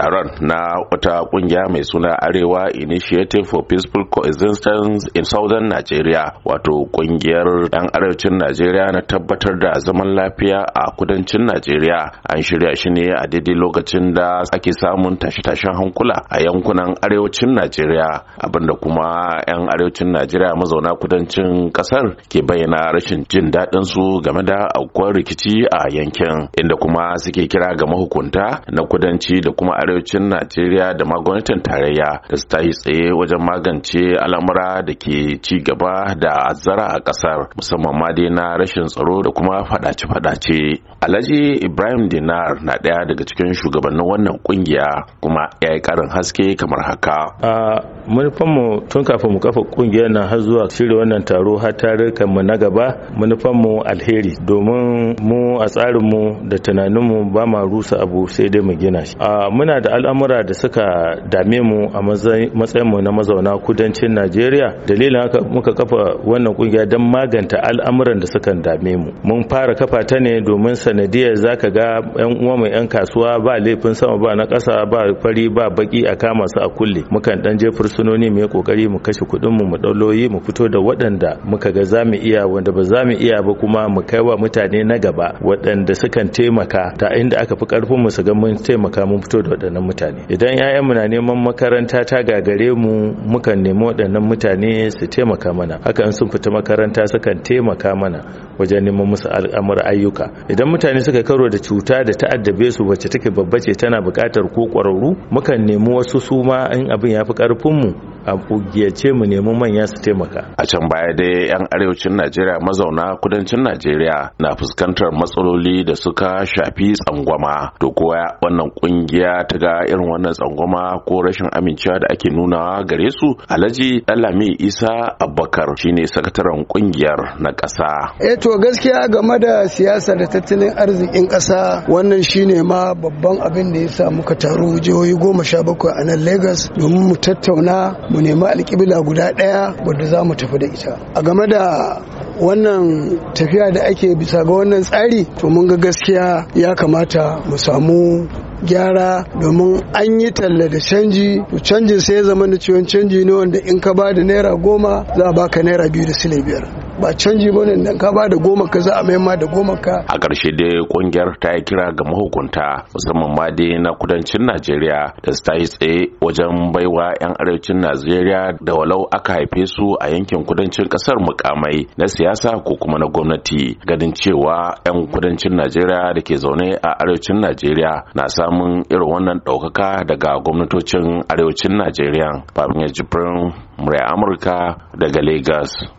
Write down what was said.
taron na wata kungiya mai suna arewa initiative for peaceful coexistence in southern nigeria wato kungiyar yan arewacin nigeria na tabbatar da zaman lafiya a kudancin nigeria an shirya shi ne a daidai lokacin da ake samun tashe-tashen hankula a yankunan arewacin nigeria abinda kuma yan arewacin nigeria mazauna kudancin kasar ke bayyana rashin jin daɗin su game da aukuwar rikici a yankin inda kuma suke kira ga mahukunta na kudanci da kuma arewacin najeriya da ma tarayya da su tashi tsaye wajen magance al'amura da ke ci gaba da azzara a kasar musamman ma dai na rashin tsaro da kuma fadace-fadace alhaji ibrahim dinar na ɗaya daga cikin shugabannin wannan kungiya kuma ya yi karin haske kamar haka manufanmu tun kafin mu kafa kungiyar nan har zuwa shirya wannan taro har tarukan mu na gaba manufanmu alheri domin mu a tsarinmu da tunaninmu ba ma rusa abu sai dai mu gina shi muna da al'amura da suka dame mu a matsayinmu na mazauna kudancin najeriya dalilin haka muka kafa wannan kungiya don maganta al'amuran da suka dame mu mun fara kafa ta ne domin sanadiyar zaka ga yan uwa mai yan kasuwa ba laifin sama ba na kasa ba fari ba baki a kama su a kulle mukan dan je fursu fursunoni mu yi kokari mu kashe kuɗin mu mu dauloyi mu fito da waɗanda muka ga za mu iya wanda ba za mu iya ba kuma mu kai wa mutane na gaba waɗanda sukan taimaka ta inda aka fi karfin mu su ga mun taimaka mun fito da waɗannan mutane idan mu na neman makaranta ta gagare mu mukan nemi waɗannan mutane su taimaka mana hakan sun fita makaranta sukan taimaka mana wajen neman musu al'amura ayyuka idan mutane suka karo da cuta da ta'addabe su wacce take babba ce tana buƙatar ko ƙwararru mukan nemi wasu su ma in abin ya fi karfin ilmu a kugiyace mu nemi manya su taimaka a can baya dai yan arewacin najeriya mazauna kudancin najeriya na fuskantar matsaloli da suka shafi tsangwama to kowa wannan kungiya ta ga irin wannan tsangwama ko rashin amincewa da ake nunawa gare su alhaji dalami isa abubakar shine sakataren kungiyar na ƙasa eh to gaskiya game da siyasa da tattalin arzikin ƙasa wannan shine ma babban abin da ya sa muka taru jihohi goma sha bakwai a nan lagos domin mu tattauna mu mu nemi alƙibla guda ɗaya wadda za mu tafi da ita a game da wannan tafiya da ake bisa ga wannan tsari to mun ga gaskiya ya kamata mu samu gyara domin an yi talla da canji to canjin sai ya zama da ciwon canji ne wanda in ka ba da naira goma za a baka naira biyu da sile biyar ba canji ba ne ka ba da goma ka za a mai ma da goma ka a ƙarshe dai ƙungiyar ta yi kira ga mahukunta musamman ma dai na kudancin najeriya da su ta yi tsaye wajen baiwa 'yan arewacin najeriya da walau aka haife su a yankin kudancin ƙasar mukamai na siyasa ko kuma na gwamnati ganin cewa 'yan kudancin najeriya da ke zaune a arewacin najeriya na samun irin wannan ɗaukaka daga gwamnatocin arewacin najeriya babin jibrin murya amurka daga lagos